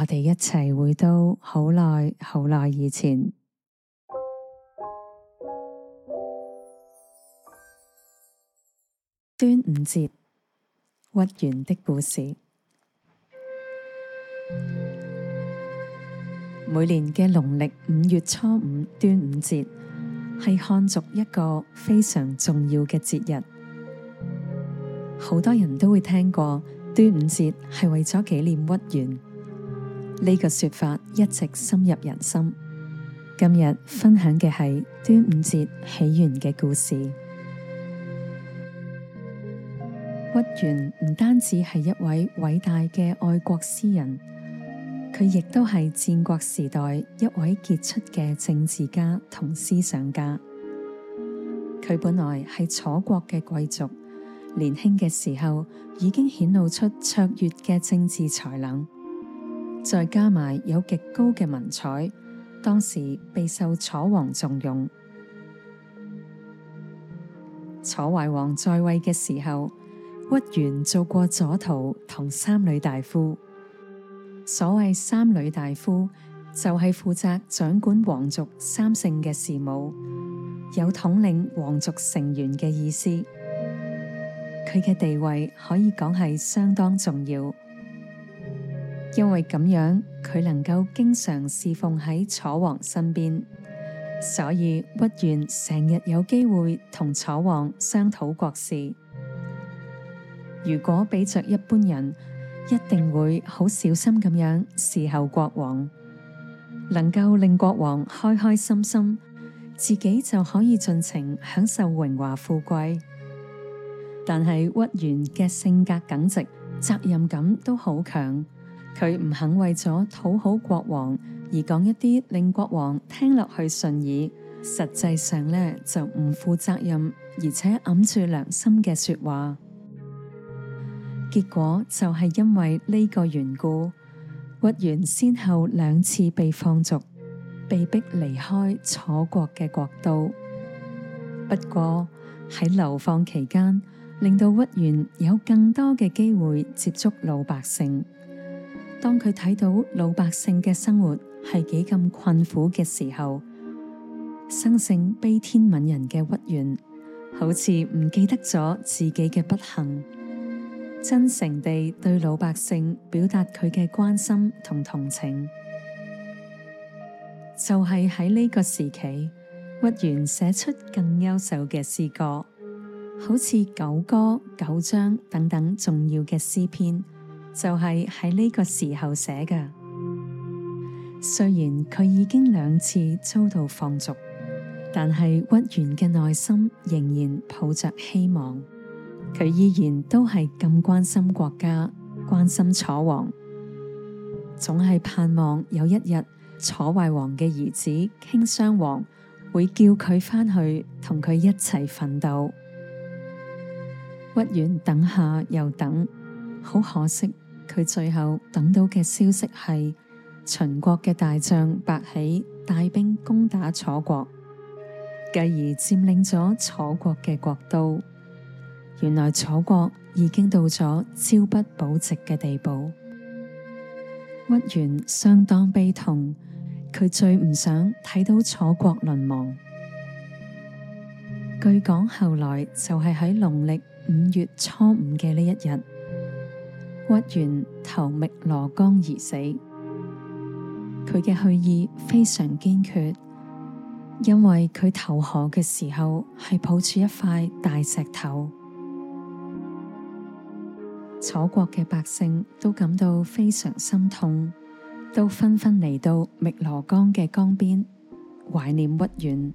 我哋一齊回到好耐好耐以前，端午節，屈原的故事。每年嘅農曆五月初五，端午節，係漢族一個非常重要嘅節日。好多人都會聽過，端午節係為咗紀念屈原。呢個說法一直深入人心。今日分享嘅係端午節起源嘅故事。屈原唔單止係一位偉大嘅愛國詩人，佢亦都係戰國時代一位傑出嘅政治家同思想家。佢本來係楚國嘅貴族，年輕嘅時候已經顯露出卓越嘅政治才能。再加埋有極高嘅文采，當時備受楚王重用。楚懷王在位嘅時候，屈原做過左徒同三閭大夫。所謂三閭大夫，就係負責掌管皇族三姓嘅事務，有統領皇族成員嘅意思。佢嘅地位可以講係相當重要。因為咁樣，佢能夠經常侍奉喺楚王身邊，所以屈原成日有機會同楚王商討國事。如果比着一般人，一定會好小心咁樣侍候國王，能夠令國王開開心心，自己就可以盡情享受榮華富貴。但係屈原嘅性格耿直，責任感都好強。佢唔肯為咗討好國王而講一啲令國王聽落去順耳，實際上呢就唔負責任而且揞住良心嘅說話。結果就係因為呢個緣故，屈原先後兩次被放逐，被逼離開楚國嘅國都。不過喺流放期間，令到屈原有更多嘅機會接觸老百姓。當佢睇到老百姓嘅生活係幾咁困苦嘅時候，生性悲天憫人嘅屈原，好似唔記得咗自己嘅不幸，真誠地對老百姓表達佢嘅關心同同情，就係喺呢個時期，屈原寫出更優秀嘅詩歌，好似《九歌》、《九章》等等重要嘅詩篇。就係喺呢個時候寫嘅。雖然佢已經兩次遭到放逐，但係屈原嘅內心仍然抱着希望。佢依然都係咁關心國家，關心楚王，總係盼望有一日楚懷王嘅兒子頃襄王會叫佢翻去同佢一齊奮鬥。屈原等下又等，好可惜。佢最後等到嘅消息係秦國嘅大將白起帶兵攻打楚國，繼而占領咗楚國嘅國都。原來楚國已經到咗朝不保夕嘅地步，屈原相當悲痛。佢最唔想睇到楚國淪亡。據講後來就係喺農曆五月初五嘅呢一日。屈原投汨羅江而死，佢嘅去意非常堅決，因為佢投河嘅時候係抱住一塊大石頭。楚國嘅百姓都感到非常心痛，都紛紛嚟到汨羅江嘅江邊懷念屈原。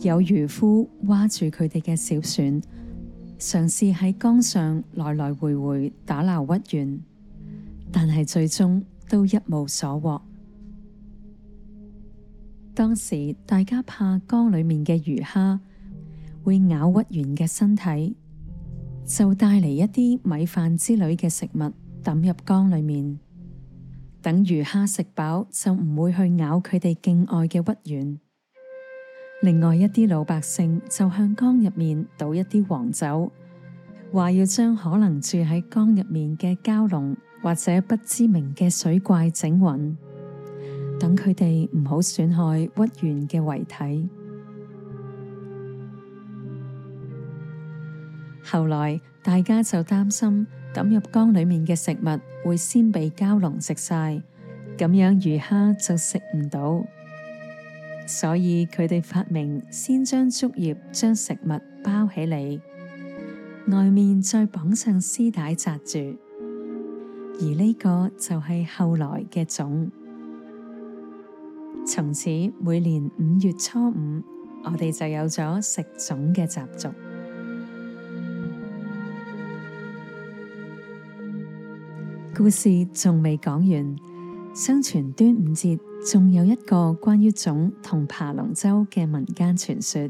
有漁夫划住佢哋嘅小船。嘗試喺江上來來回回打撈屈原，但係最終都一無所獲。當時大家怕江裏面嘅魚蝦會咬屈原嘅身體，就帶嚟一啲米飯之類嘅食物抌入江裏面，等魚蝦食飽就唔會去咬佢哋敬愛嘅屈原。另外一啲老百姓就向江入面倒一啲黃酒，話要將可能住喺江入面嘅蛟龍或者不知名嘅水怪整暈，等佢哋唔好損害屈原嘅遺體。後來大家就擔心抌入江裏面嘅食物會先被蛟龍食晒，咁樣魚蝦就食唔到。所以佢哋發明先將竹葉將食物包起嚟，外面再綁上絲帶紮住，而呢個就係後來嘅粽。從此每年五月初五，我哋就有咗食粽嘅習俗。故事仲未講完，相傳端午節。仲有一個關於粽同爬龍舟嘅民間傳說。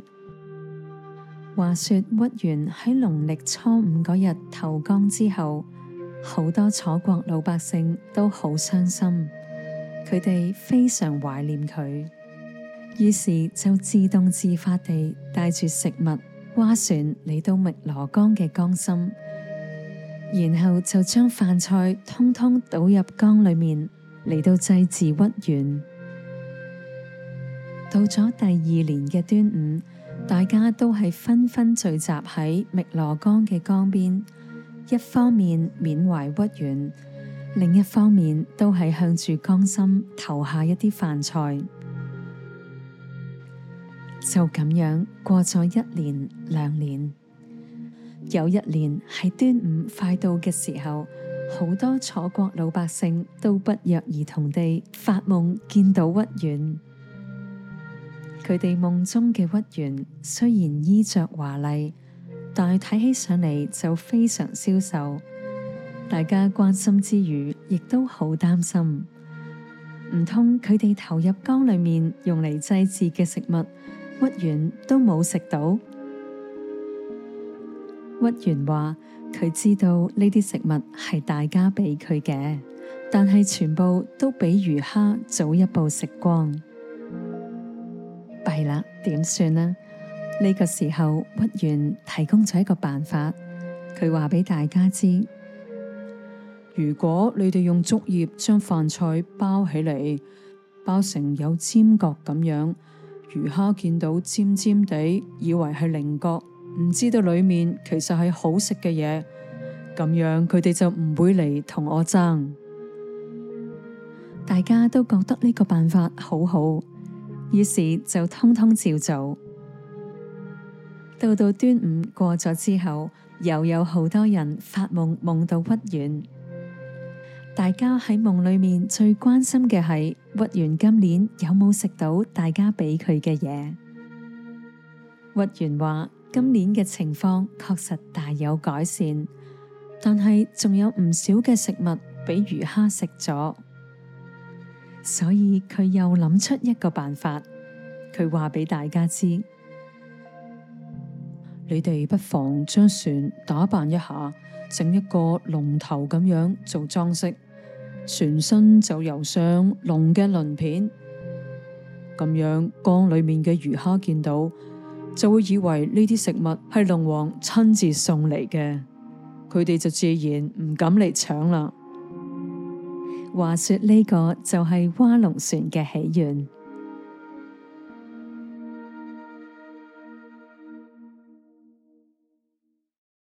話說屈原喺農曆初五嗰日投江之後，好多楚國老百姓都好傷心，佢哋非常懷念佢，於是就自動自發地帶住食物、划船嚟到汨羅江嘅江心，然後就將飯菜通通倒入江裏面。嚟到祭祀屈原，到咗第二年嘅端午，大家都係紛紛聚集喺汨羅江嘅江邊，一方面緬懷屈原，另一方面都係向住江心投下一啲飯菜。就咁樣過咗一年兩年，有一年喺端午快到嘅時候，好多楚國老百姓都不約而同地發夢見到屈原，佢哋夢中嘅屈原雖然衣着華麗，但係睇起上嚟就非常消瘦。大家關心之餘，亦都好擔心。唔通佢哋投入江裏面用嚟祭祀嘅食物，屈原都冇食到？屈原話。佢知道呢啲食物係大家俾佢嘅，但係全部都俾魚蝦早一步食光，弊啦，點算呢？呢個時候屈原提供咗一個辦法，佢話俾大家知：如果你哋用竹葉將飯菜包起嚟，包成有尖角咁樣，魚蝦見到尖尖地，以為係菱角。唔知道裏面其實係好食嘅嘢，咁樣佢哋就唔會嚟同我爭。大家都覺得呢個辦法好好，於是就通通照做。到到端午過咗之後，又有好多人發夢，夢到屈原。大家喺夢裏面最關心嘅係屈原今年有冇食到大家俾佢嘅嘢。屈原話。今年嘅情況確實大有改善，但係仲有唔少嘅食物俾魚蝦食咗，所以佢又諗出一個辦法，佢話俾大家知：你哋不妨將船打扮一下，整一個龍頭咁樣做裝飾，船身就游上龍嘅鱗片，咁樣江裏面嘅魚蝦見到就會以為呢啲食物係龍王親自送嚟嘅，佢哋就自然唔敢嚟搶啦。話說呢個就係蛙龍船嘅起源。